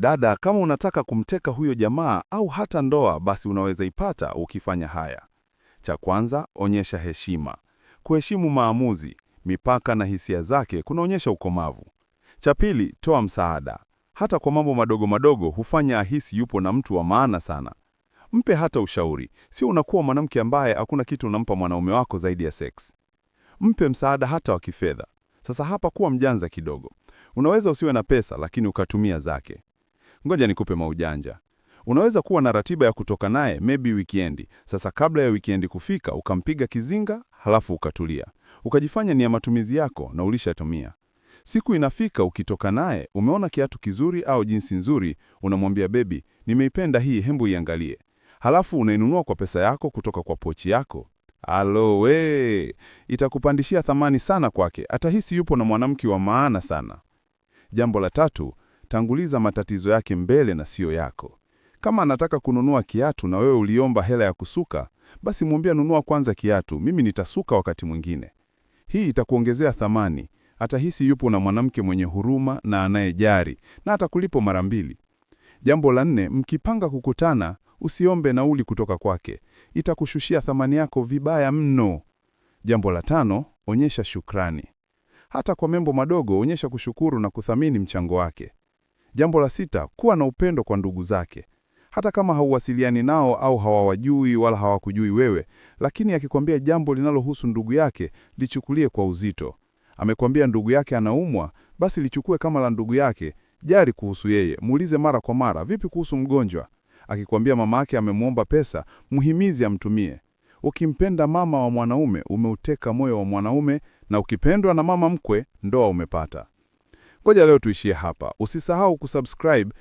Dada, kama unataka kumteka huyo jamaa au hata ndoa, basi unaweza ipata ukifanya haya. Cha kwanza, onyesha heshima. Kuheshimu maamuzi, mipaka na hisia zake kunaonyesha ukomavu. Cha pili, toa msaada. Hata kwa mambo madogo madogo hufanya ahisi yupo na mtu wa maana sana. Mpe hata ushauri, sio unakuwa mwanamke ambaye hakuna kitu unampa mwanaume wako zaidi ya sex. Mpe msaada hata wa kifedha. Sasa hapa kuwa mjanja kidogo. Unaweza usiwe na pesa, lakini ukatumia zake. Ngoja nikupe maujanja. Unaweza kuwa na ratiba ya kutoka naye maybe weekend. Sasa kabla ya weekend kufika, ukampiga kizinga, halafu ukatulia, ukajifanya ni ya matumizi yako na ulishatumia. Siku inafika, ukitoka naye, umeona kiatu kizuri au jinsi nzuri, unamwambia bebi, nimeipenda hii, hembu iangalie. Halafu unainunua kwa pesa yako kutoka kwa pochi yako. Alo we, itakupandishia thamani sana kwake, atahisi yupo na mwanamke wa maana sana. Jambo la tatu, tanguliza matatizo yake mbele na siyo yako. Kama anataka kununua kiatu na wewe uliomba hela ya kusuka, basi mwambie nunua kwanza kiatu, mimi nitasuka wakati mwingine. Hii itakuongezea thamani, atahisi yupo na mwanamke mwenye huruma na anayejari, na atakulipo mara mbili. Jambo la nne, mkipanga kukutana, usiombe nauli kutoka kwake, itakushushia thamani yako vibaya mno. Jambo la tano, onyesha shukrani. Hata kwa mambo madogo, onyesha kushukuru na kuthamini mchango wake. Jambo la sita, kuwa na upendo kwa ndugu zake. Hata kama hauwasiliani nao au hawawajui wala hawakujui wewe, lakini akikwambia jambo linalohusu ndugu yake, lichukulie kwa uzito. Amekwambia ndugu yake anaumwa, basi lichukue kama la ndugu yake. Jari kuhusu yeye, muulize mara kwa mara, vipi kuhusu mgonjwa? Akikwambia mama yake amemwomba pesa, mhimizi amtumie. Ukimpenda mama wa mwanaume, umeuteka moyo wa mwanaume, na ukipendwa na mama mkwe, ndoa umepata. Ngoja leo tuishie hapa. Usisahau kusubscribe